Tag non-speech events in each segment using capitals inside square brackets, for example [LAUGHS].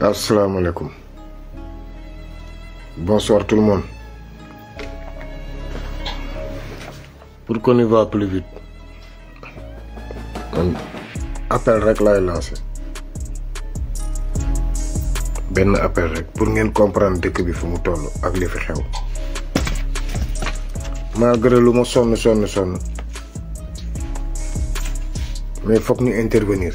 alaikum. bonsoir tout le monde pour qu'on y va plus vite appel rek est lancé un appel rek pour ngeen comprendre dëkk bi fu mu toll ak li fi xew malgré son, mais il Mais que mais que nous intervenir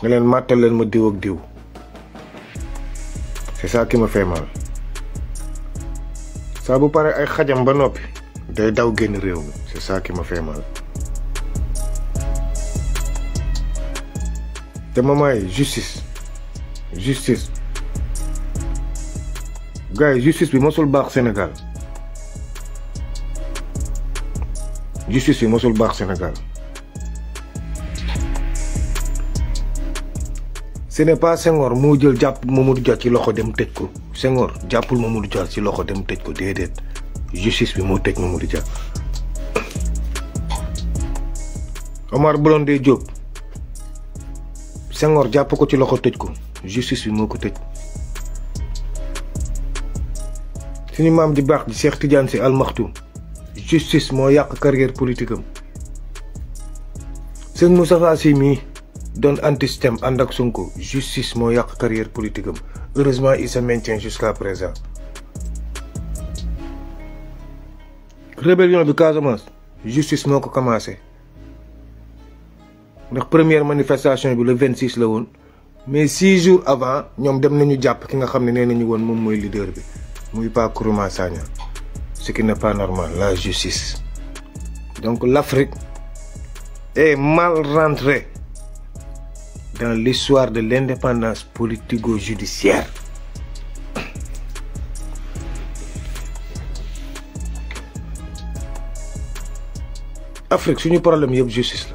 nga leen màttal leen ma diw ak diw c'est ça qui me fait saa bu pare ay xajam ba noppi day daw génn réew mi c'est ça qui me fait mal te moment yi justice justice gars yi justice bi mosul baax Sénégal justice bi mosul baax Sénégal ce n'est pas Senghor mo jël japp momadou Dia ci loxo dem tejj ko Senghor jappul momadou Dia ci loxo dem tejj ko dedet justice bi mo tejj momadou Dia Omar blonde Diop Senghor japp ko ci loxo tejj ko justice bi moko tejj suñu mam di bax di Cheikh Tidiane al maktoum justice mo yak carrière politique am Moustapha Si Don anti-système justice mo yak carrière politique heureusement il se maintient jusqu'à présent. rébellion de Casamance justice a commencé La première manifestation le 26 la mais six jours avant ñom dem nañu japp ki nga nañu leader bi ce qui n'est pas normal la justice. donc l'Afrique est mal rentrée dans l'histoire de l'indépendance politico-judiciaire. Afrique un problème de justice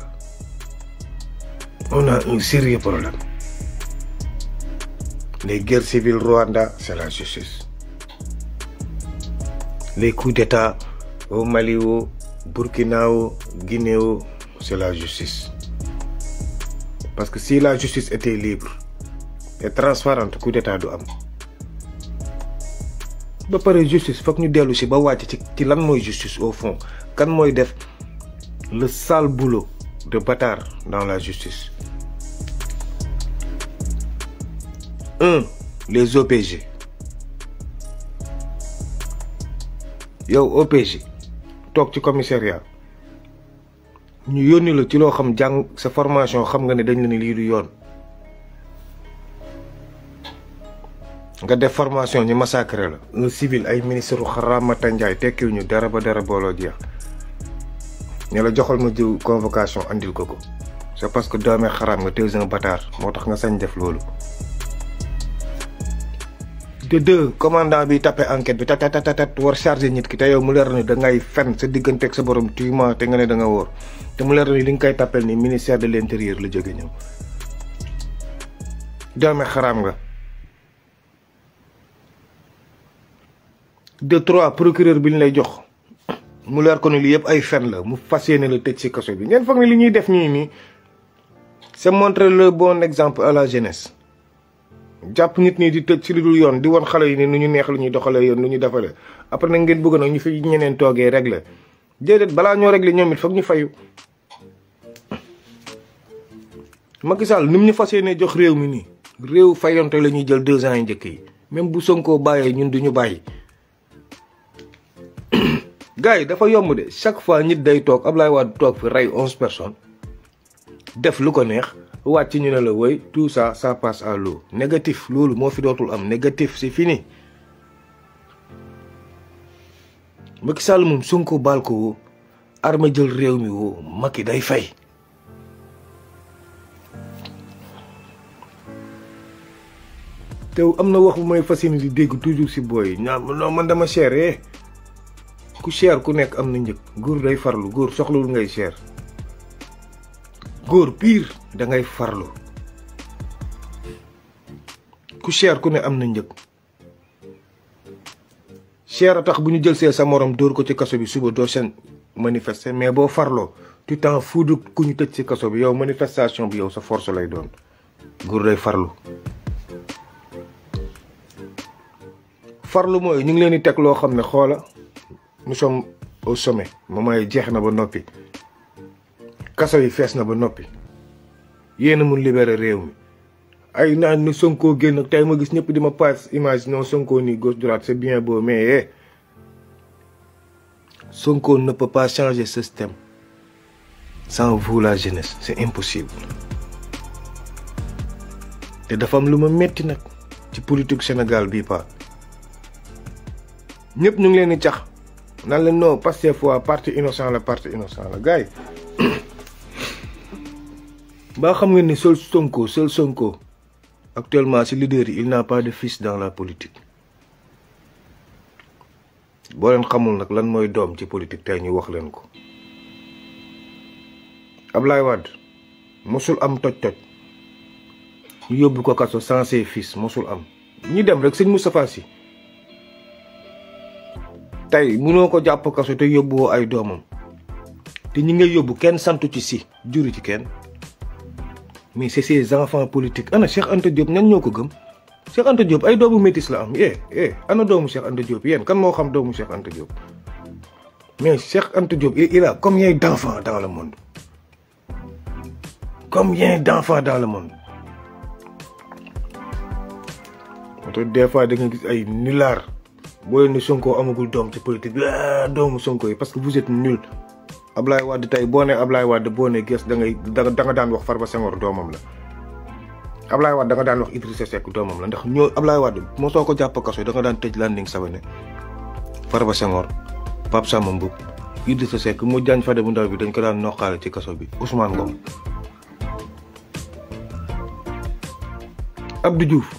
on a un sérieux problème les guerres civiles Rwanda c'est la justice les coups d'état au Mali au Burkina au Guinée c'est la justice parce que si la justice était libre et transparente coup d'état du am ba de justice il faut que nous ba wacc ci ci lan justice au fond kan moy def le sale boulot de bâtard dans la justice 1. les OPG Yo OPG tu ci commissariat ñu yónni la ci loo xam jàng sa formation xam nga ne dañ la ne lii du yoon nga def formation ñu massacré la sibil ay ministre u Ramata Ndiaye dara ba dara booloo jeex ña la joxal ma jiw convocation andil ko ko c'est parce que doomee xaraam nga teew sa bataar moo tax nga sañ def loolu te de, commandant bi tapé enquête bi tata tata tata war charger nit ki te yow mu leer ni da ngay fen sa digënté ak sa borom tuyuma té nga né da nga wor té mu leer ni li nga koy tapel ni ministère de l'intérieur la joge ñew doomi xaram nga de trois procureur bi lay jox mu leer ko ni li yépp ay fen la mu fas yéene la tëj si kaso bi ñen fakk ni li ñuy def ñi ni c'est montrer le bon exemple à la jeunesse jàpp nit ñi di tëj ci lu dul yoon di won xale yi ne nu ñu neex lu ñuy doxalee yoon lu ñu defalee après nag ngeen bëgg nag ñu fi ñeneen toogee réglé déedéet balaa ñoo réglé ñoom it foog ñu fayu. Macky Sall ñu fas yéenee jox réew mi nii réew fayonte la ñuy jël deux ans yu njëkk yi même bu Sonko bàyyee ñun du ñu bàyyi. [COUGHS] gars yi dafa yomb de chaque fois nit day toog ab Ablaye Wade toog fi rey onze personnes def lu ko neex. ci ñu ne la woy tout ça ça passe à l'eau négatif loolu moo fi dootul am négatif si fini Macky Sall moom Sonko baal ko woo armée jël réew mi woo Macky day fay te am na wax bu may fas di dégg toujours si booy ñaa non man dama cher eh ku cher ku nekk am na njëg góor day farlu góor soxlawul ngay cher gor bir da ngay farlo ku cher ku ne am na ñeuk cher tax bu ñu jël sé sa morom door ko ci kaso bi suba do sen manifester mais bo farlo tu t'en fous de ku ñu ci kaso bi yow manifestation bi yow sa force lay doon gor day farlo farlo moy ñu ngi leen di teg loo xam nous sommes au sommet momay jeex na ba nopi kaso yi fess na ba nopi yéen a mun libéré réew mi ay nan ni Sonko génn ak tey ma gis ñëpp dima ma paas image non Sonko ni gauche droite c'est bien beau mais eh Sonko ne peut pas changer ce système sans vous la jeunesse c'est impossible té dafa am luma metti nak ci politique Sénégal bi pa ñëpp ñu ngi leen di cax nan la non Pastef fois parti innocent la parti innocent la gars ba xam ngeen ni Sol sonko Sol sonko actuellement ci leader il n'a pas de fils dans la politique bo len xamul nak lan moy dom ci politique tay ñu wax len ko ablaye wad mosul am toj toj ñu yobbu ko kasso sans ses fils mosul am ñi dem rek Seigne moustapha si tey mënoo ko jàpp kaso te yobu ay domam te ñi ngay yobbu kenn santu ci si juri ci kenn mais c'est ces enfants politiques ana Cheikh Anta Diop ñan ñoo ko gëm Cheikh Anta Diop ay doomu métis la am eh eh ana doomu Cheikh Anta Diop yeen, kan mo xam doomu Cheikh Anta Diop mais Cheikh Anta Diop il a combien d'enfants dans le monde combien d'enfants dans le monde te des fois de nga gis ay nulaar boo ne Sonko amagul doom ci politique bi ah, doomu Sonko yi parce que vous êtes nul Ablaye wad tay boo ne Ablaye Wade boo ne Guess da ngay da nga daan wax Farba Senghor domam la Ablaye wad da nga daan wax Idrissa Seck domam la ndax ñoo Ablaye wad mo soko japp kasso da nga daan tej landing sabane Farba Senghor Pape Samba Mboup Idrissa Seck mu jagn fa bu ndaw bi dañ ko daan noqaale ci kasso bi Ousmane Ngom Abdou Diouf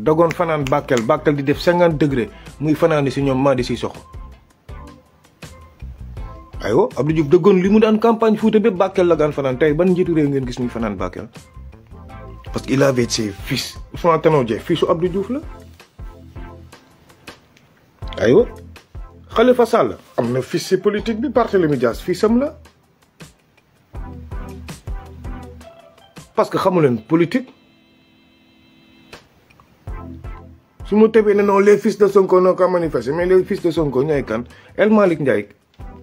dagon Bakel Bakel di def 50 degrés muy fanaani ci ñom ma di ci soxo ayoo Abdou Diouf dan limu dan campagne foot be Bakel la gan fanan tay ban njiitu rew ngeen gis ni fanan Bakel parce qu'il avait ses fils fanan tano je fils Abdou Diouf la ayo Khalifa Sall amna fils si politique bi parti le fils fisam la parce que xamu leen politique su ma tëbee ne non les fils de Sonko noo ko manifesté mais les fils de Sonko ñooy kan El Malik Ndiaye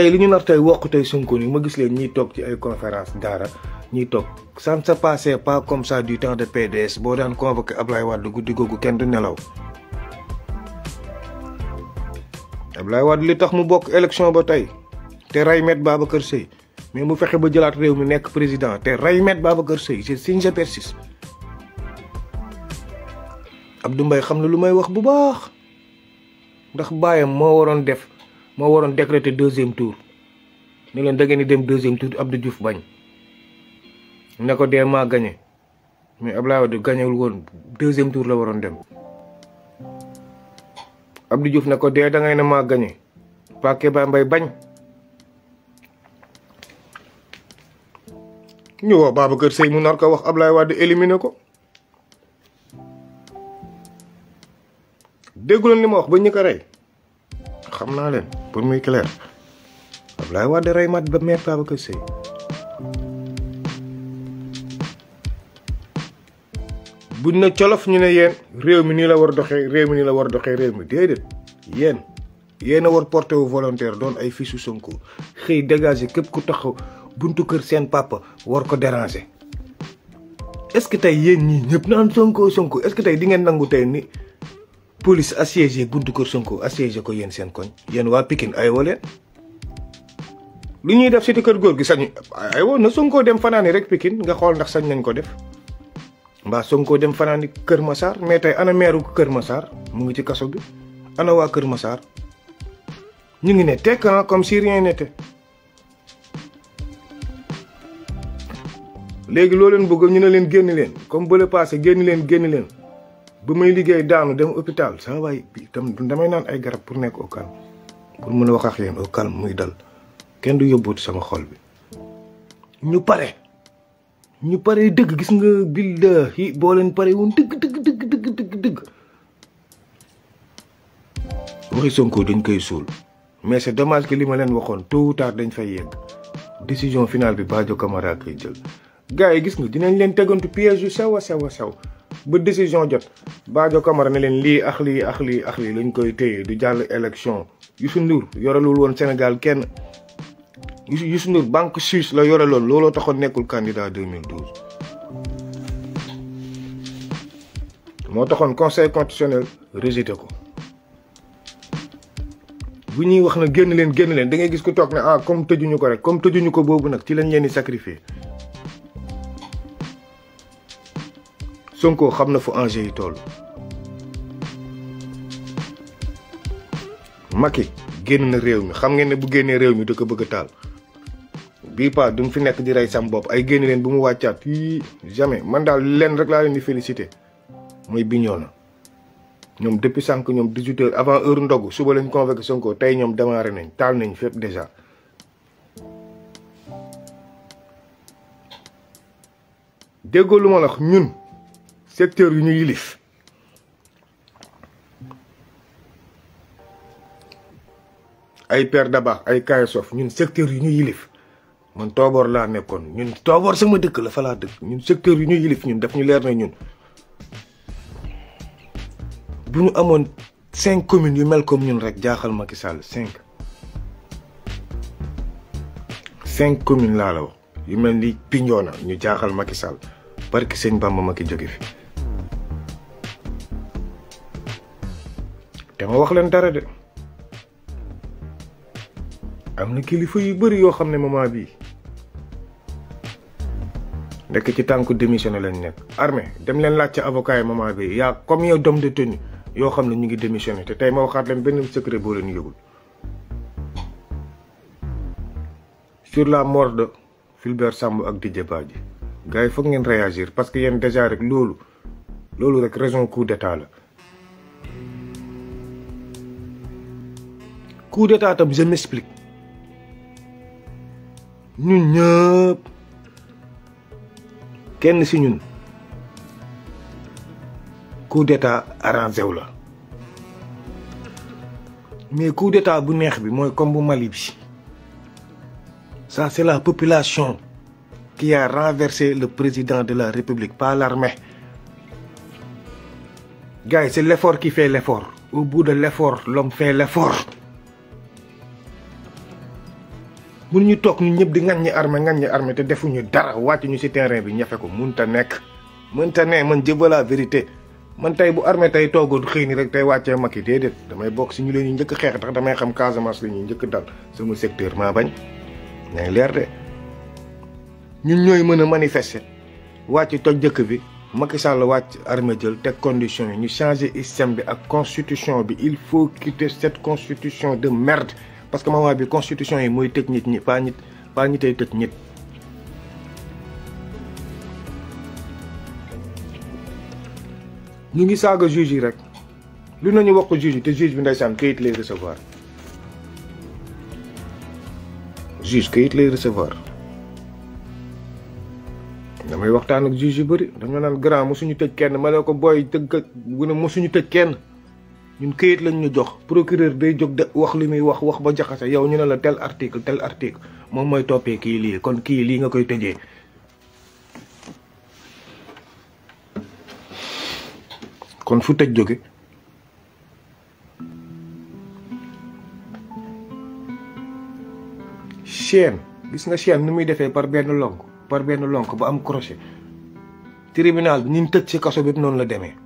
tay li ñu nar tey tay sunku sunkuni ma gis leen ñi tok ci ay conférence dara ñi tok ça ne se passait pas comme ça du temps de PDS bo daan convoquer Ablaye Wade guddi googu kenn du nelaw Ablaye Wade li tax mu bok élection ba tay té ray met Babacar Sey mais mu fexé ba jëlat réew mi nekk président té ray met Babacar Sey c'est signe je persiste Abdou Mbaye xamna lu may wax bu baax ndax bayam mo waron def moo waroon décréter deuxième tour ne leen da ngeen di dem deuxième tour Abdou Diouf bañ ne ko dee maa gagné mais Abdoulaye Wade gañewul woon deuxième tour la waroon dem Abdou Diouf ne ko dee da ngay ne maa gagné Pa Kéba Mbaye bañ ñu woo Babacar Seye mu nar ko wax Abdoulaye Wade éliminé ko dégguloon li ma wax ba ñu ko rey xam naa leen pour muy clair Ablaye Wade rey mat ba meer Babacar Seye buñ ne colof ñu ne yéen réew mi nii la war doxee réew mi nii la war doxee réew mi déedéet yéen yéen a war porté wu volontaire doon ay fisu Sonko xëy dégagé képp ku taxaw buntu kër seen papa war ko déranger est ce que tey yéen ñii ñëpp naan Sonko Sonko est ce que tey di ngeen nangu tey ni police assiégé buntu kër Sonko assiégé ko yéen seen koñ yéen waa Pikine ay woo lu ñuy def ci kër góor gi sañ ay woo na Sonko dem fanaani rek pikin nga xool ndax sañ nañ ko def mbaa Sonko dem fanaani Kër masaar mais tey ana meeru Kër Massar mu ngi ci kaso bi ana waa Kër Massar ñu ngi ne tekk ah, comme si rien n'était léegi loo leen ñu ne leen génn leen comme bële passé génn leen génn leen ba may liggéey daanu dem hôpital sa way bi tam damay nan ay garab pour nek au calme pour meuna wax ak yeen au calme muy dal kenn du yobout sama xol bi ñu paré ñu paré deug gis nga bilda hi bo leen pare woon deug deug deug deug deug dëgg waxi Sonko dañ koy sul mais c'est dommage que li ma leen waxoon tôt ou tard dañ fay yegg décision finale bi Badio Camara kay jël gaay gis nga dinañ leen tegantu piège sawa sawa sawa ba décision jot Badio Camara ne leen lii ak lii ak lii ak lii lañ koy téye du jàll élection Youssou Ndour yoralul woon Sénégal kenn Youssou Ndour banque suisse la yoraloon looloo taxoon nekkul candidat 2012. moo taxoon conseil constitutionnel rejeté ko bu ñuy wax na génn leen génn leen da ngay gis ku toog ne ah comme tëjuñu ko rek comme tëjuñu ko boobu nag ci lañ leen di sacrifier Sonko xamna fu enjeu yi toll maki genn na rew mi xam ngeen ne bu genné rew mi da bëgg taal bi pa duñ fi nekk di ray sam bop ay génn leen bu mu waccat yi jamais man dal len rek la leen di féliciter moy Bignona ñom depuis sank ñom 18 h avant heure ndogu suba lañ convoquer Sonko tay ñom démarrer nañ taal nañ fep déjà déggoo lu ma la ñun secteur yu ñu yilif ay Père daba ay Kayasof ñun secteur yu ñu yilif man tobor la nekkoon ñun tobor sama dëkk la fa laa dëkk ñun secteur yu ñu yilif ñun daf ñu leer na ñun bu ñu amoon cinq communes yu mel comme ñun rek jaaxal Macky Sall cinq cinq communes laa la wax yu mel ni Pignona ñu jaaxal Macky Sall barki sëñ Bamba Macky jóge fi té ma wax leen dara dé amna kilifa yu bari yo xamné mama bi nek ci tanku démissionné lañ nek armée dem leen lacc avocat yi moment bi ya comme yow dom de tenue yo xamné ne ñu ngi démissionné té tay ma waxat leen benn secret bo leen yëgul sur la mort de Fulbert Sambou ak Didier Badji gay yi ngeen réagir parce que yeen déjà rek lolu lolu rek raison coup d'état la coup d'état je m'explique Qu'est-ce kenn nous? coup d'état arrangé mais coup d'état bu comme bu ça c'est la population qui a renversé le président de la République pas l'armée Guys, c'est l'effort qui fait l'effort au bout de l'effort l'homme fait l'effort mënuñu toog ñun ñëpp di ngan ñi armée ngan ñi armée te defuñu dara wàccuñu ñu si terrain bi ñafe ko mun mënta nekk ta ne man jëba la vérité man tey bu armée tey toogoon xëy ni rek tey wàccee Macky déedéet damay bokk si ñu leen ñu njëkk xeex damay xam Casamance la ñuy njëkk sama secteur bañ yaa ngi leer de mën a manifester wàcc toj dëkk bi Macky Sall wàcc armée jël te condition yi ñu changé système bi ak constitution bi il faut quitter cette constitution de merde parce que moment bi constitution yi mooy tëj nit ñi pas nit pas nit ay tëj nit. ñu ngi saaga juge yi rek lu nañu wax ko juge yi te juge bi ndeysaan këyit lay recevoir juge këyit lay recevoir damay waxtaan ak juge yu bëri dañu naan grand mosuñu tëj kenn ma ne ko booy tëgg bu ne mosuñu tëj kenn. ñun këyit lañ ñu jox procureur day jóg de wax li muy wax wax ba jaxase yow ñu ne la tel article tel article moom mooy toppee kii lii kon kii lii nga koy tëjee. kon fu tëj jóge chaîne gis nga chaîne ni muy defee par benn lonk par benn lonk ba am crochet tribunal bi ñu tëj ci kaso bi noonu la demee.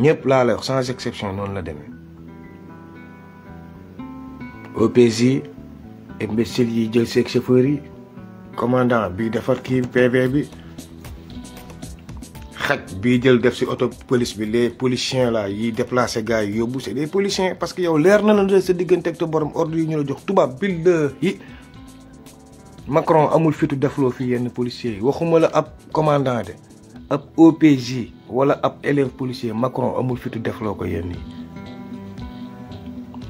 ñepp laa la wax sans exception non la démé OPJ yi imbécile yi jël seeg chauffeur yi commandant bi defar ki PV bi xat bi jël def ci auto police bi les policiers là yi déplacer gars yobou c'est des policiers parce que yow lèr na la ne sa diggante ak to borom ordre yi ñu la jox tuba bi la yi Macron amul fitu defloo fi yenn policiers waxuma la ab commandant de ab OPJ wala ab élève policier Macron amul fitu defloo ko yéen nii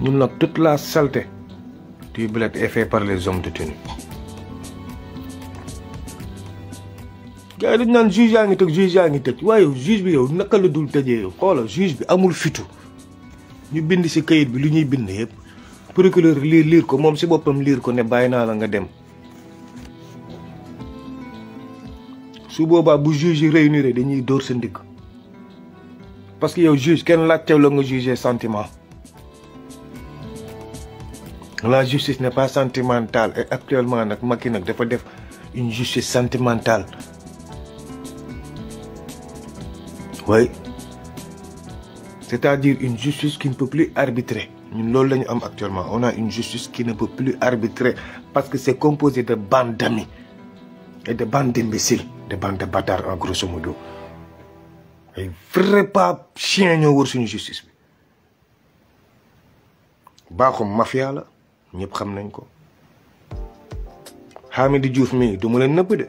ñun nag toute la saleté du bled est fait par les hommes de tenue. gars naan juge yaa ngi tëj juge yaa ngi tëj waaye juge bi yow naka la dul tëjee yow xoola juge bi amul fitu ñu bind si kayit bi lu ñuy bind yëpp procureur lire liir ko moom si boppam liir ko ne bàyyi naa la nga dem. su Boba, bu juge réunir dañuy dóor sa ndig parce que yow juge qui juge la nga juger sentiment la justice n'est pas sentimentale et actuellement on a une justice sentimentale oui c'est-à-dire une justice qui ne peut plus arbitrer ñun loolu actuellement on a une justice qui ne peut plus arbitrer parce que c'est composé de bandes d'amis et de bandes d'imbéciles de bandes de bâtards en grosso modo ay vrai pas chien ñoo wër suñu justice bi baaxum mafia la ñëpp xam nañ ko Hamidou Diouf mii du mu leen nëbb de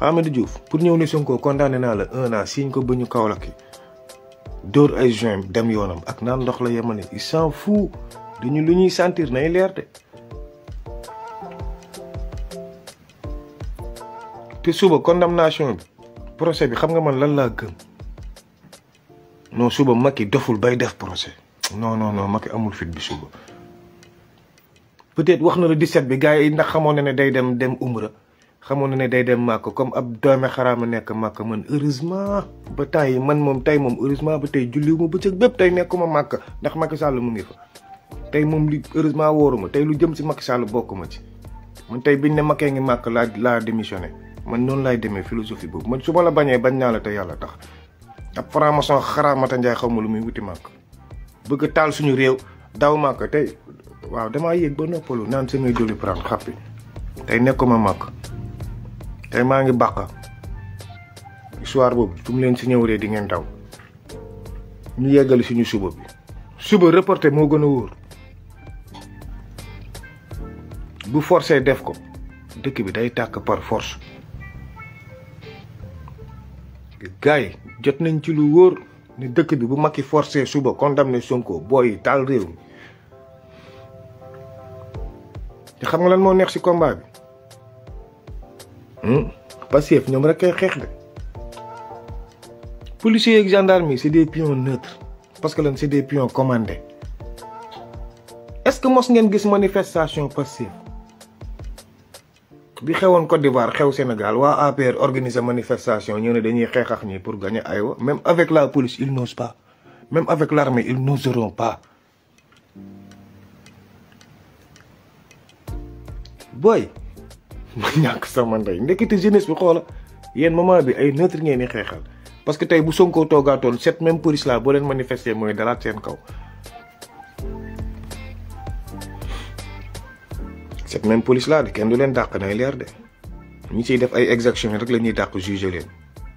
Hamidou Diouf pour ñëw ne Sonko condamné naa la un an ko ba ñu Kaolack dóor ay juin dem yoonam ak naan ndox la yemale il s'en fout dañu lu ñuy sentir nay leer de te suba condamnation bi procès bi xam nga man lan laa gëm non suba Macky doful bay def procès noo noo non Macky amul fit bi suba peut-être wax na la di set bi gars yi ndax xamoon na ne day dem dem umra xamoon na ne day dem màkk comme ab doome ma nekk màkk man heureusement ba temps yi man moom tey moom heureusement ba tey julliwuma bëccëg bépp tey nekkuma màkk ndax Macky Sall mu ngi fa tey moom li heureusement wooruma tey lu jëm si Macky Sall bokkuma ci man tey biñ ne Macky ngi màkk laa laa démissionné man noonu laay demee philosophie boobu man su ma la bañee bañ naa la te yàlla tax ab franc-maçon xaraamata njaay xaw ma lu muy wuti màkk bëgg a taal suñu réew daw màkk tey waaw damaa yéeg ba noppalu naan sa ngay joli prendre xappi nekkuma màkk tey maa ngi bàq soir boobu su mu leen si ñëwree di ngeen daw ñu yeggali suñu suba bi suba reporté moo gën a wóor bu forcé def ko dëkk bi day tàkk par force gay jot nañ ci lu wóor ni dekk bi bu maki forcé suba condamné Sonko boy tal rew ci xam nga lan mo neex ci combat bi hmm? Passif ñoom rek kay xeex de policiers ak gendarmes yi c' des pions neutres parce que lan c'est des pions commandés est ce que mos ngeen gis manifestation passive bi xewon Côte d'Ivoire xew Sénégal wa APR organiser manifestation ñu ne dañuy xex ak ñi pour gagner ayo même avec la police ils n'osent pas même avec l'armée ils n'oseront pas boy ma sama nday ndekete jeunesse bi xol yeen mama bi ay neutre ngeen ni xexal parce que tay bu Sonko toogaatoon cette même police là bo len manifester moy dara sen kaw c'est même police là de kenn du leen dàq nay leer de ñi ci def ay exaction rek lañuy dak juger len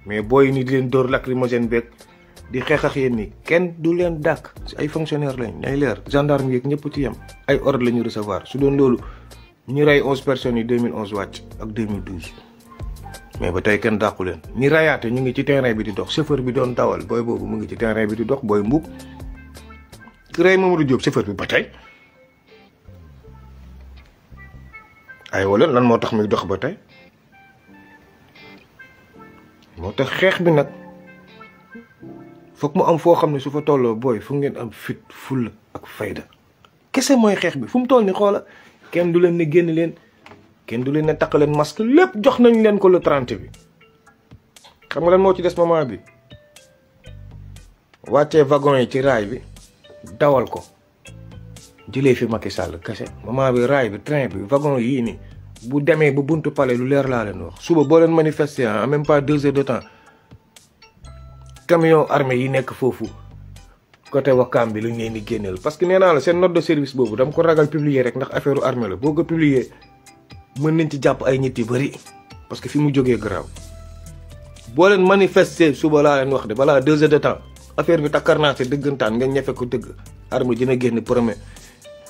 mais boy ni di len dor lacrymogène bek di xex ak yéen ni kenn du leen dàq si ay fonctionnaire lañ nay leer gendarme yeeg ñepp ci yam ay ordre lañu recevoir su doon lolu ñi ray 11 personnes yi 2011 wàcc ak 2012 mais ba tay ken dàqu len ni rayate ñu ngi ci terrain bi di dox chauffeur bi doon tawal boy bobu mu ngi ci terrain bi di dox boy mbuk ki mamadou diop chauffeur bi ba tey ay wala lan moo tax muy dox ba tey moo tax xeex bi nag foog mu am foo xam ne su fa tolloo booy fu ngeen am fit fulla ak fayda kese mooy xeex bi fu mu toll ni xoola kenn du leen ne génn leen kenn du leen ne takk leen masque lépp jox nañ leen ko le 30 bi xam nga lan moo ci des moment bi wàcce vagon yi ci raay bi dawal ko jëlee fi Macky Sall kese moment bi raay bi train bi wagon yii nii bu demee bu buntu palais lu leer laa leen wax suba boo leen manifesté en même pas deux heures de temps camion armé yi nekk foofu côté wakkaam bi lu leen di génneel parce que nee naa la seen note de service boobu dama ko ragal publier rek ndax affaire armé la boo ko publier mën nañ ci jàpp ay nit yu bëri parce que fi mu jógee garaaw boo leen manifesté suba laa leen wax de balaa deux heures de temps affaire bi takkar naa si dëggantaan nga ñefe ko dëgg armée dina génn premier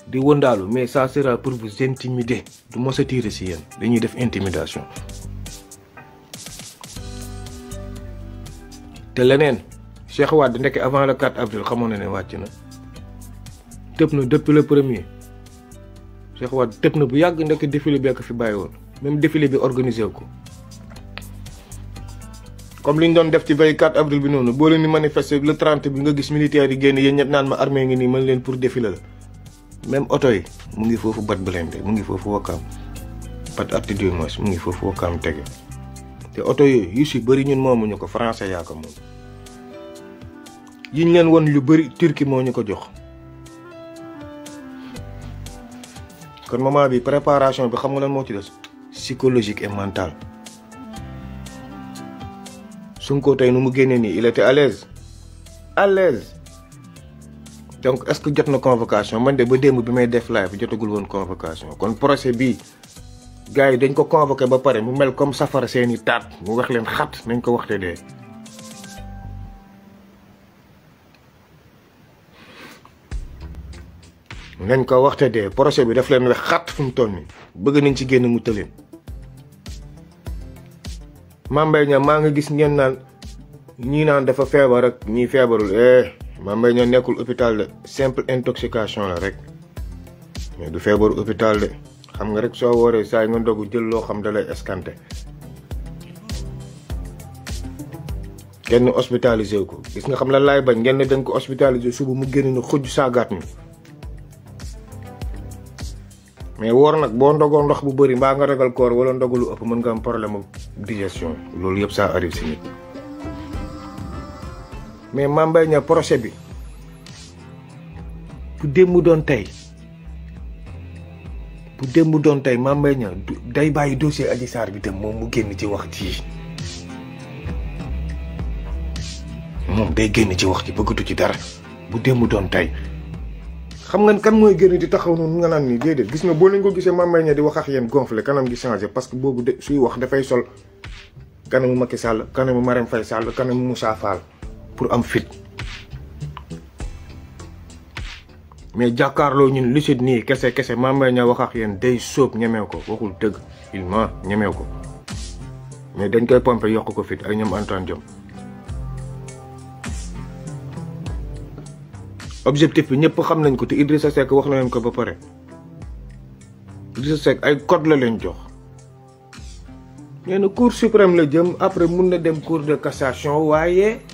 di wëndaalu mais ça sera pour vous intimider du mo a tiire si yéen dañuy def intimidation te leneen Cheikh Wade ndekk avant le 4 avril xamone na ne wàcc na tëb na depuis le premier Cheikh Wade tëb na bu yag ndekk défilé bi ak fi bàyyi même défilé bi organisé ko comme liñ ñu doon def ci 4 avril bi noonu boo leen ni manifester le 30 bi nga gis militaire yi génn yéen ñëpp naan ma armée ngi ni mën leen pour défilé la même auto oh, yi mu ngi foofu bat blende mu ngi foofu wakam bat attitude mois mu ngi foofu wakam tege te auto yi yu ci bari ñun momu ñuko français ya ko mom yiñ leen won lu bari turki mo ñuko jox kon mama bi préparation bi xam nga lan mo ci dess psychologique et mental ko tay nu mu génnee ni il était à l'aise à l'aise donc est ce que jot na convocation man de ba démb bi may def live jotagul won convocation kon procès bi gars yi dañ ko convoqué ba paré mu mel comme safar seeni tat mu wax len xat nañ ko waxte dé nañ ko waxte dé procès bi daf len wax xat fu tonni bëgg nañ ci génn mu tëleen mambay ña ma nga gis ngeen naan ñi naan dafa fébar ak ñi fébarul eh Mame ñoo nekkul hôpital de simple intoxication la rek mais du feebaru hôpital de xam nga rek soo wooree saa nga ndogu jël loo xam da lay escanté kenn hospitalisé ko gis nga xam la lay bañ ngeen ne dañ ko hospitalisé suba mu génn na xujj saagaat ni mais woor nag boo ndogoo ndox bu bëri mbaa nga ragal koor wala ndogalu ëpp mën nga am problème digestion loolu yëpp sa arrive si nit mais Mame Mbaye Niang procès bi bu demu don tay bu demu don tay Mame Mbaye Niang day bayyi dossier Adji sar bi dem moom mu genn ci wax ci moom day genn ci wax ji bëggatu ci dara bu demu don tay xam nga kan moy genn di taxaw non nga nan ni déedéet gis nga bo leen ko gisee Mame Mbaye Niang di wax ak yeen gonflé kanam gi changer parce que bobu suy wax fay sol kanamu Macky Sall kanamu marem fay Sall kanamu Moussa Fall pour am fit mais jàkkaarloo ñun lu si nii kese kese Mame Mbaye Niang wax ak yéen day sóob ñemee ko waxul dëgg il ment ñemee ko mais dañ koy pompe yokk ko fit ay ñoom Antoine Diome objectif bi ñëpp xam nañ ko te Idrissa seek wax na leen ko ba pare Idrissa Seck ay code la leen jox nee na cour suprême la jëm après mun na dem cour de cassation waaye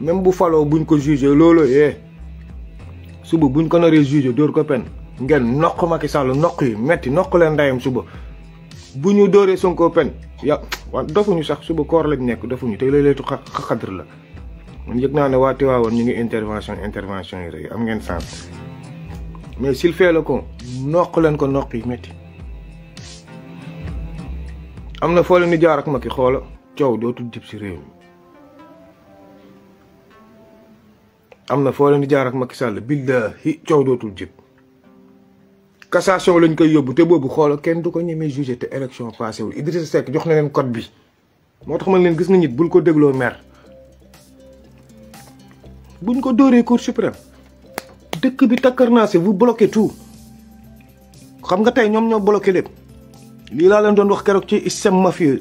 même bu faloo buñ ko jugé loolu yee eh. suba buñ ko naree jugé dóor ko pen ngeen noq Macky Sall noq yi metti noq leen ndeyam suba bu ñu dooree Sonko pen ya wa dofuñu sax suba koor lañ nekk dofuñu tey xa léeg xadr la man yëg naa ne waa Tiwaawoon ñu ngi intervention intervention yi rek am ngeen sens mais s'il la ko con noq leen ko noq yi métti am na foo leen di jaar ak Macky xoola coow dootul jib si réew mi am na foo leen di jaar ak Macky Sall billahi coow dootul jib cassation lañ koy yóbbu te boobu xoolal kenn du ko ñemee jugé te élection passé wul Idrissa Seck jox na leen code bi moo tax man leen gis nga nit bul ko dégloo mer buñ ko dóoree cour suprême dëkk bi takkar naa si bu bloquez tu xam nga tey ñoom ñoo bloqué lépp lii laa leen doon wax keroog ci ma mafieux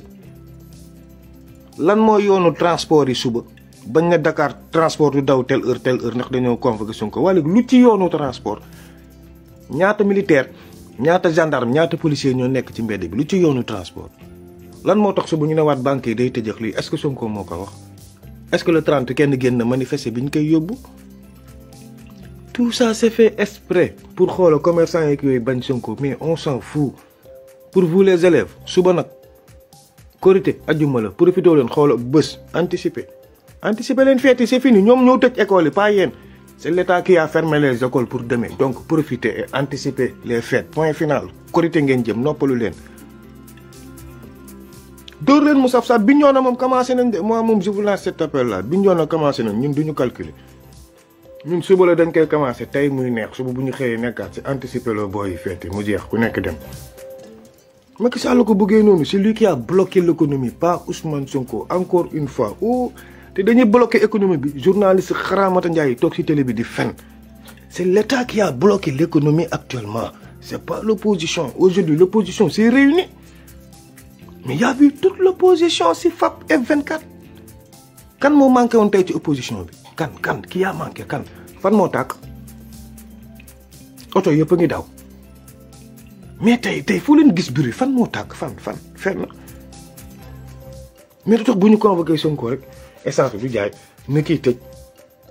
lan mooy yoonu transport yi suba bañ na Dakar transport du daw tel heure tel heure ndax dañoo convoqué Sonko walé lu ci yoonu transport ñaata militaire ñaata gendarme ñaata policier ñoo nekk ci mbedd bi lu ci yoonu transport lan mo tax su bu ñu newaat banque day tëjëx lii est ce que Sonko moko wax est ce que le 30 kenn genn manifester biñ koy yobbu tout ça c'est fait exprès pour le commerçant yeeg yooyu bañ Sonko mais on s'en fout pour vous les élèves suba nak korité ajuma la profité leen bus, anticiper anticiper les fêtes, c'est fini ñoom ñoo tëj école yi pas yéen c'est l'état qui a fermé les écoles pour demain donc profitez et anticipez les fêtes point final korité ngeen jëm noppalu leen dóor leen mu saf-saf bi commencé nañ de moi moom je vous lance cet appel là bi ñoo a commencé nañ ñun duñu calculer ñun suba la dañ koy commencer. tey muy neex suba bu ñu xëyee nekkaat anticiper le booy yi fête mu jeex ku nekk dem Macky Sall ko bëggee noonu c'est lui qui a bloqué l'économie pas Ousmane Sonko encore une fois qui dañuy bloqué l'économie, bi journaliste Kharamata Ndiaye télé qui a bloqué l'économie actuellement C'est pas l'opposition. aujourd'hui l'opposition s'est réunie mais y a vu toute l'opposition FAP F24 Quand Quand manqué une opposition Quand kan manqué kan fan mais tu Quand Quand Quand mais tu Quand convoqué essence bi du jaay na kii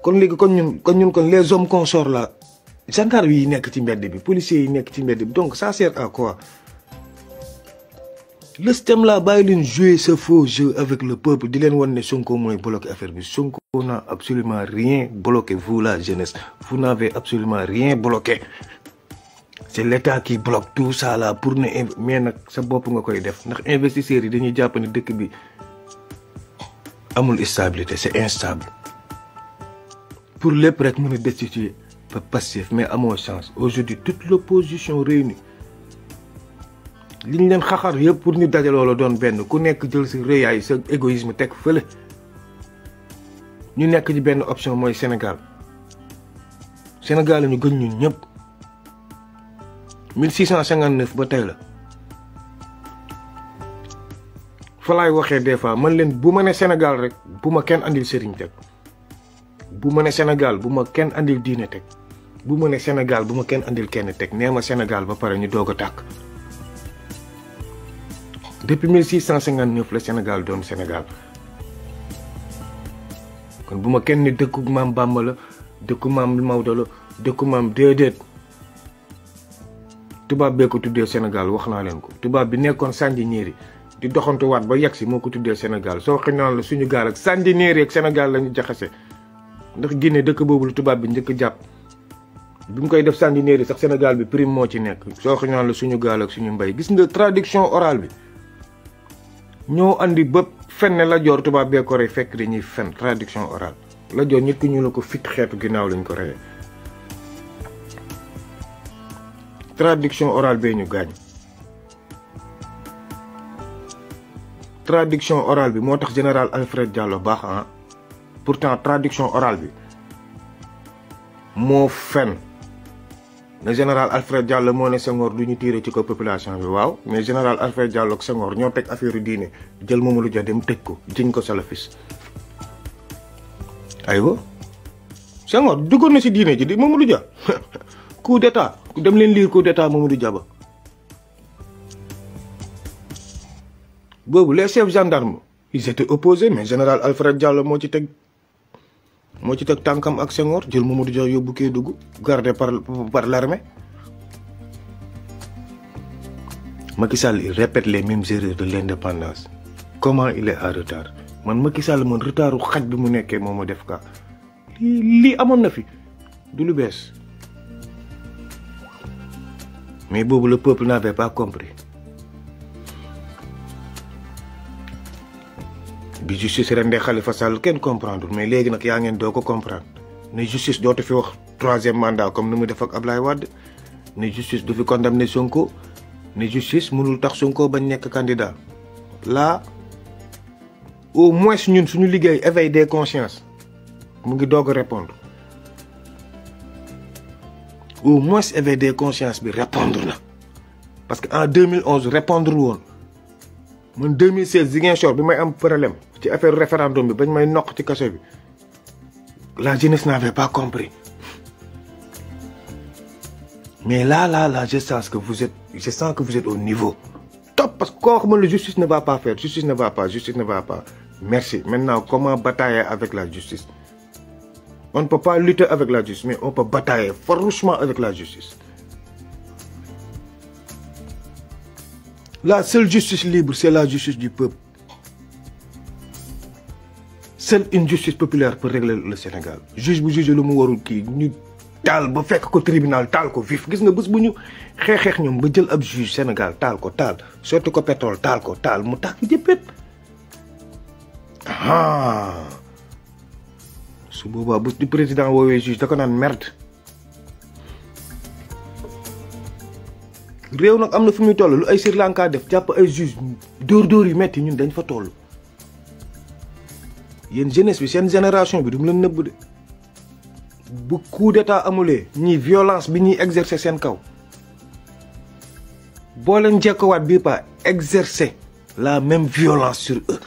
kon léegi kon ñun kon ñun kon les hommes qu'on sort là gendarme yi nekk ci mbedd bi policiers yi nekk ci mbedd bi donc ça sert à quoi le système là bàyyi jouer ce faux jeu avec le peuple di len wan ne Sonko mooy bloqué affaire bi Sonko n'a absolument rien bloqué vous la jeunesse vous n'avez absolument rien bloqué c'est l'état qui bloque tout ça là pour ne mais nak sa bop nga koy def ndax investisseurs yi dañuy japp ni dëkk bi amul stabilité c'est instable pour les prêtres, nous a destituer par passif mais mon chance aujourd'hui toute l'opposition réunie liñ len xaxar pour nous. doon benn ku nekk jël ci égoïsme option mooy Sénégal Sénégal ñu ñun 1659 ba falaay waxee des fois man leen bu ma ne Sénégal rek bu ma kenn andil sëriñ teg bu ma ne Sénégal bu ma kenn andil diine teg bu ma ne Sénégal bu ma kenn andil kenn teg nee ma Sénégal ba pare ñu doog a tàkk. depuis 1659 la Sénégal doon Sénégal kon bu ma kenn dëkku maam Bàmba la dëkku maam Maodo la dëkku maam déedéet. tubaab bee ko tuddee Sénégal wax naa leen ko tubaab bi nekkoon sànji ñiiri di doxantu wat ba yegsi moko ko Senegal, sénégal soo xëy la suñu gal ak neer ak sénégal lañu jaxase ndax guiné dëkk bobu lu tubab bi njëkk japp bi mu koy def sandi neer sax sénégal bi prime mo ci nekk so xignal la suñu gal ak suñu mbay gis nga traduction orale bi ño andi bëpp fenn la jor tubab be ko fekk dañuy fen traduction orale la jor nit ku ñu lako fit xeetu ginnaaw lañ ko traduction orale be ñu traduction orale bi moo général Alfred Diallo Bach. Ah. pourtant traduction orale c'est moo fen Le général Alfred Diallo moo ci population bi waaw mais général Alfred Diallo Il Senghor ñoo teg affaire diine Mamadou Dia dem ko ko na si ji Mamadou Dia [LAUGHS] coup d'état dem lire d'état Mamadou Dia bobu les chefs gendarmes ils étaient opposés mais général Alfred Diallo mo ci tek mo ci tek tankam ak Senghor jël Mamadou yobou ke dougu gardé par par l'armée Macky Sall il répète les mêmes erreurs de l'indépendance comment il est en retard man Macky Sall man retardu xaj bi mu nekké momo Li def ka li li amon na fi du lu bess mais bobu le peuple n'avait pas compris bi justice ren de Khalifa Sall ken comprendre mais légui nak ya ngeen doo ko comprendre ne justice dootu fi wax troisième mandat comme nous def ak Ablaye Wade ne justice du fi condamné Sonko ne justice mënul tax Sonko bañ nek candidat là au moins ñun suñu liggéey éveil des consciences mu ngi doog répondre au moins éveil des consciences bi répondre na parce que en 2011 répondre woon en 2016 Ziguinchor bi may un problème ci affaire référendum bi référendum may noq ci kaso bi la jeunesse n'avait pas compris mais là là là je sens que vous êtes que vous êtes au niveau top parce que la xam justice ne va pas faire justice ne va pas justice ne va pas merci maintenant comment batailler avec la justice on ne peut pas lutter avec la justice mais on peut batailler farouchement avec la justice La seule justice libre, c'est la justice du peuple. Seule une justice populaire pour régler le Sénégal. juge vous juge le mu qui kii ñu tribunal taal vif quest nga que bu ñu juge Sénégal tal ko surtout pétrole ko mu ah du président juge merde réew nak amna na toll lu ay Sri Lanka def japp ay juge dor dor yu metti ñun dañ fa toll yeen jeunesse bi sen génération bi dum leen de bu coup d'état amulé ñi violence bi ñi exercer sen kaw bo leen wat bi pa exercer la même violence sur eux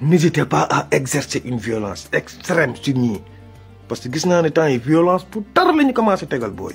n'hésitez pas à exercer une violence extrême sur ñii parce que gis naa ne temps yi violence pour dara la ñu commencé tegal booy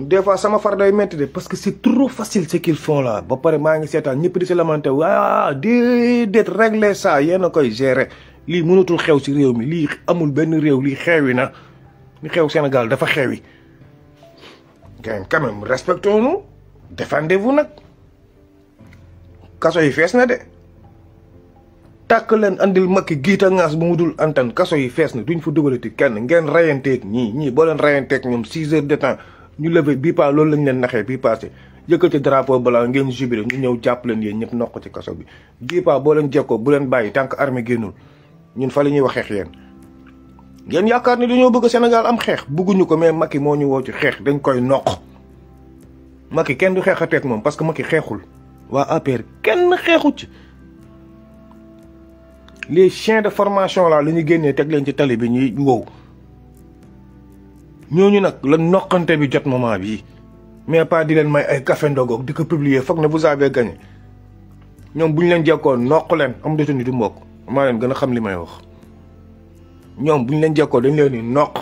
des fois sama far day métti de parce que c'est trop facile ce qu'ils font là ba pare maa ngi seetaan ñëpp di si lamenté waa ah, déedéet régler ça yéen a koy gérer li mënatul xew si réew mi li amul ben réew li xewi na li xew Sénégal dafa xewi. quand même respectons-nous défendez-vous nag kaso yi fees na de tàkk leen andil makki giita ngas bu mu dul antan kaso yi fees na duñ fa dugalati kenn ngeen rayanteeg ni ni boo leen rayanteeg ñoom six heures de temps. ñu levé bii paas loolu lañ leen naxee bii passé yëkkati drapeau blanc ngeen jubile ñu ñëw jàpp leen yéen ñëpp nokk ci kaso bi bii paas boo leen jekkoo bu leen bàyyi tànk que génnul ñun fa la ñuy waxeex yéen ngeen yaakaar ni dañoo bëgg Sénégal am xeex bëgguñu ko mais Macky moo ñu woo ci xeex dañ koy noq Macky kenn du xeexateeg moom parce que Macky xeexul waa APR kenn xeexu ci les chiens de formation laa li ñu génnee teg leen ci tali bi ñuy wow ñooñu nag la noqante bi jot moment bii mais pas di leen may ay café ndogoog di ko publier foog ne vous avez gagné ñoom bu ñu leen jekkoo noq leen am dootu ni du mbokk maa leen gën a xam li may wax. ñoom bu ñu leen jekkoo dañ leen ni noq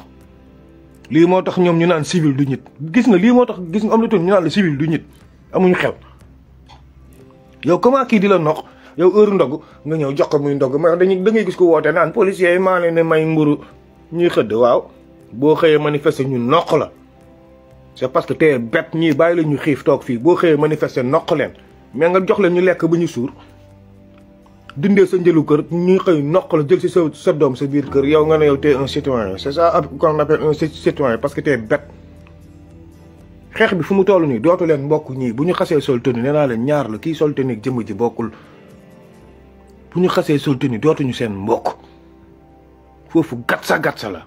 lii moo tax ñoom ñu naan civil du ñit gis nga lii moo tax gis nga am dootu ñu naan la civil du ñit amuñu xel yow comment kii di la noq. yow heure ndog nga ñëw jox ko muy ndog ma da ngay gis ko woote naan policier maa leen ne may mburu ñuy xëdd waaw boo xëyee manifester ñu noq la c'est parce que te bett ñii bàyyi la ñu xiif toog fii boo xëyee manifester noq leen mais nga jox leen ñu lekk ba ñu suur dindee sa njëlu kër ñu xëy noq la jël si sa sa doom sa biir kër yow nga ne yow tey un citoyen c'est ça qu'on appelle un citoyen parce que tey bett xeex bi fu mu toll nii dootu leen mbokk ñii bu ñu xasee sol tenue nee naa leen ñaar la kiy sol tenue ak jëmm ji bokkul bu ñu xasee sol tenue dootuñu seen mbokk foofu gatsa gatsa la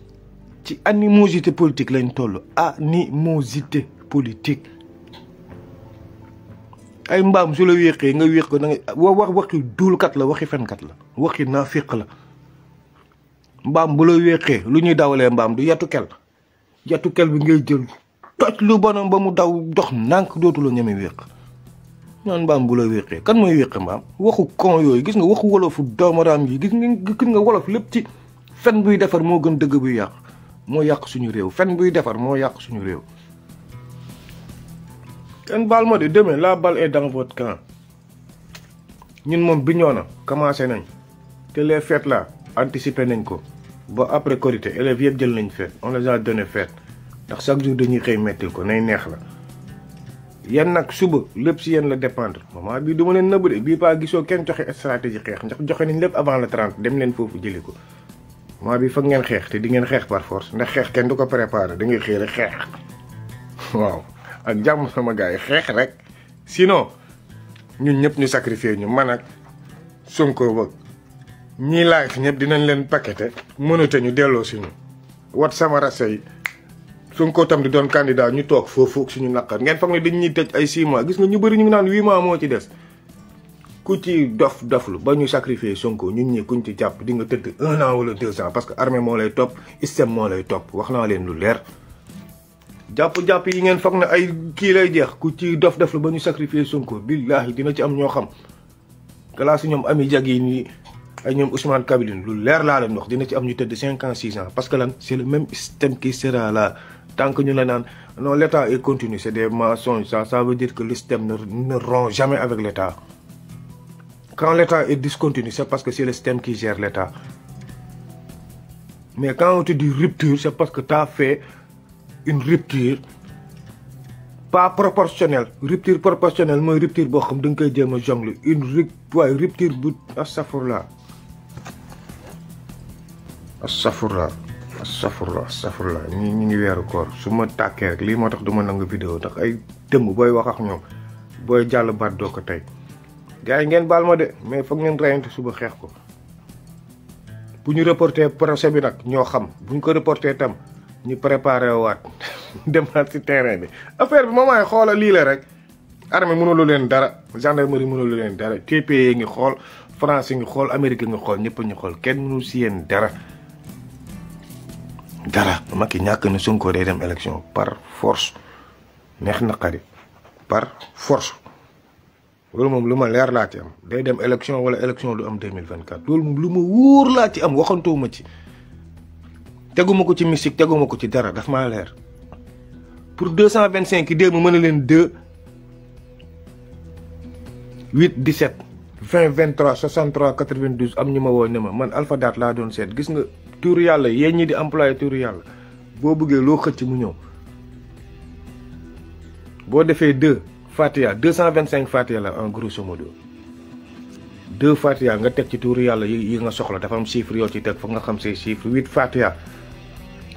animosité politique lañ toll animosité politique ay mbam su la wéqee nga wéx ko nga wax waxi kat la waxi kat la waxi nafiq la mbam bu la wéxé lu ñuy dawalee mbaam du yatu kel yatu kel bi ngay jël toj lu bonam ba mu daw dox nank dotu lo ñeme wéx ñaan mbaam bu la wéxé kan moy wéqe mbam waxu kon yoy gis nga waxu wolof doomaram yi gis nga gis nga wolof lepp ci fen buy defar mo gën dëgg buy yaa moo yàq suñu réew fen buy defar moo yàq suñu réew. kenn baal ma de demain la bal est dans votre camp ñun moom bi ñoo na commencé nañ te les fêtes là anticiper nañ ko ba après korité élèves yëpp jël nañ fête on les a donné fête ndax chaque jour dañuy xëy mettil ko nañ neex la. yéen nag suba lép si yéen la dépendre moment bii du ma leen nëbb de bii paa gisoo kenn joxe stratégie xeex ndax joxe nañ lépp avant le 30 dem leen foofu jëli ko. maar bi foog ngeen xeex te di ngeen xeex par force ndax xeex kenn du ko préparé da ngay xëy waaw ak sama gars yi rek sinon ñun ñëpp ñu sacrifier ñu man ak sonko bëgg ñii live di dinañ leen paqueté si wat sama rase sonko tam di doon candidat ñu toog foofu suñu naqar ngeen foog ni dañ ñuy tëj ay 6 mois gis nga ñu bëri ñu naan 8 mois des ku dof doflu ba ñu sacrifier Sonko ñun ñi kuñ ci jàpp di nga tëdd un an wala deux ans parce que armée moo lay topp système moo lay topp wax naa leen lu leer. jàpp-jàpp yi ngeen foog ne ay kii lay jeex ku ci dof doflu ba ñu sacrifier Sonko billahi dina ci am ñoo xam classe ñoom ami jag yi nii ay ñoom Ousmane Kabiline lu leer laa leen wax dina ci am ñu tëdd 5 ans 6 ans parce que lan c' le même système qui sera là. tant que ñu la naan non l' état est continu c' est des mensonges ça ça veut dire que le système ne rend jamais avec l' état. Quand l'État est discontinu, c'est parce que c'est le système qui gère l'État. Mais quand on te dit rupture, c'est parce que tu as fait une rupture pas proportionnelle. Rupture proportionnelle, mais rupture boo xam da nga koy jéem a jongle une waaye rupture bu À astafurla astafurla astafurla ñi ñu ngi weeru koor su ma tàkkee rek lii moo tax du ma de vidéo ndax ay dëmm booy wax ak ñoom Boy, jàll baat doo ko tey gars yi ngeen baal ma de mais foog ngeen reyante suba xeex ko bu ñu reporté procès bi nag ñoo xam bu ñu ko reporté tam ñu préparé waat [LAUGHS] demaat si terrain bi affaire bi moom ay xoola lii la rek armée mënulu leen dara gendarmerie mënulu leen dara TPE ngi xool France ngi xool Amérique ngi xool ñëpp ñu xool kenn mënu si yéen dara dara Macky ñàkk na Sonko day dem élection par force neex na par force loolu moom lu ma leer laa ci am day dem election wala élection du am 2024 loolu moom lu ma wóor laa ci am waxantoo ma ci teguma ko ci mystique teguma ko ci dara dafa maa leer pour 225 démb mën na leen 2 8 17 20 23 63 92 am ñu ma woo ma man alpha daat laa doon seet gis nga tuuru yàlla yéen ñi di employé tuuru yàlla boo bëggee loo xëcc mu ñëw boo defee 2 fatia 225 fatia la en grosso modo deux fatia nga tek ci tour yalla yi nga soxla dafa am chiffre yo ci tek fa nga xam ces chiffre 8 fatia,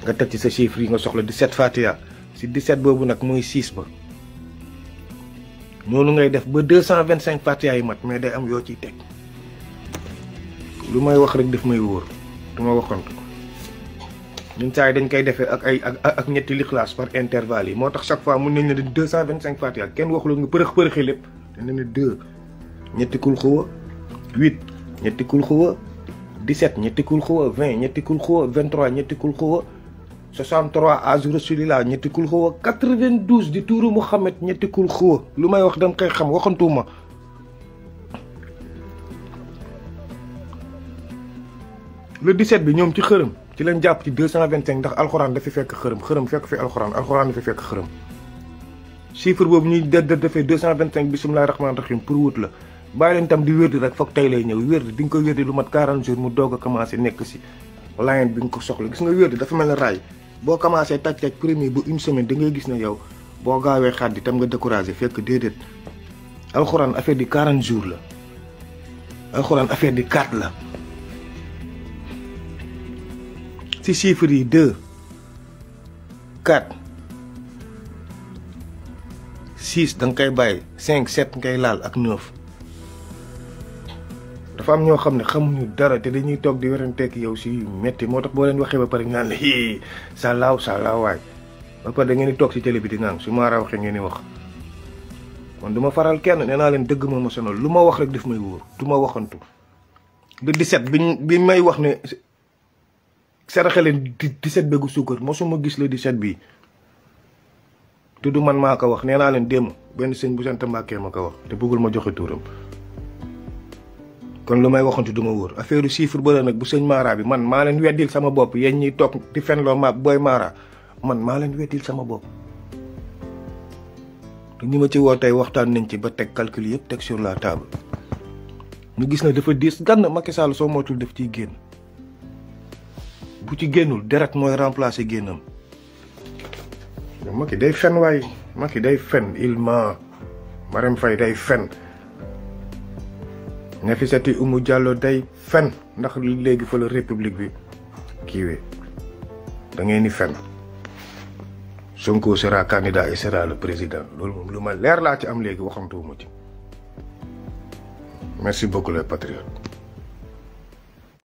nga tek ci ces chiffre yi nga soxla 17 fatia, si 17 bobu nak moy 6 ba nonu ngay def ba 225 fatia yi mat mais day am yo ci tek lu may wax rek def may wor duma waxantou ñun saa dañ koy defe ak ay ak ak ñetti lixlaas par intervalle yi moo tax chaque fois mun nañ ne deux cent vingt cinq fatiha kenn waxuloon nga përëx përëxi lépp dañ ne deux ñetti kul xuwa huit ñetti kul xuwa dix-sept ñetti kul xuwa vingt ñetti kul xuwa vingt-trois ñetti kul xuwa 63 azu rasulillah ñetti kul di tuuru Muhammad ñetti kul xuwa lu may wax danga koy xam waxantuma le 17 bi ñoom ci xërëm ci leen jàpp ci 225 ndax alxuraan dafi fekk xërëm xërëm fekk fi alxuraan alxuraan dafi fekk xërëm chiffre boobu ñuy de defee 225 bisimilah rahmaani rahim pour wut la bàyyi leen tam di wérdi rek foog tey di ko wérdi lu mat 40 jours mu doog a commencé nekk si layen bi nga ko soxla gis nga wérdi dafa mel ne raay boo commencé taj taj premier bu une semaine da ngay gis ne yow boo gaawee xaddi tam nga découragé fekk déedéet alxuraan affaire di 40 jours la alxuraan affaire di 4 la. ci chiffre yi 2 4 6 dang nga koy bàyyi 5 7 ngay lal ak 9 dafa am ñoo xamne ne xamuñu dara te dañuy tok di weranteeg yow ci metti motax bo boo leen waxee ba paré naan hi sa law sa law way ba pare da ngeen di tok ci télé bi di naan su ma ra waxee ngeen di wax man duma faral kenn nee naa leen dëgg moo ma sonal luma wax rek def may wóor duma waxantu de 17 bi bi may wax ne saraxe di set sugar mo suma gis di set bi tudu man maa wax neena len dem ben benn sëñ bu sant mbàkkee wax te bugul ma joxe touram kon lumay waxantu ma chiffre bële nak bu sëñ Mara bi man ma len weddil sama bop yeñ ñiy tok di lo ma boy Mara man ma len weddil sama bop Ini ñi ma ci woo tey waxtaan nañ ci ba tek calcul yeb tek sur la table ñu gis na dafa dis gan makissal so motul def ci genn bu ci génnul deret mooy remplacer génnam. Macky day fen waay Macky day fen il ma Marème Faye day fen Nafissatou Oumou Diallo day fen ndax léegi fa la république bi kiiwee da ngeen ni fen Sonko sera candidat et sera le président loolu moom lu ma leer laa ci am léegi waxamtuwuma ci merci beaucoup les patriotes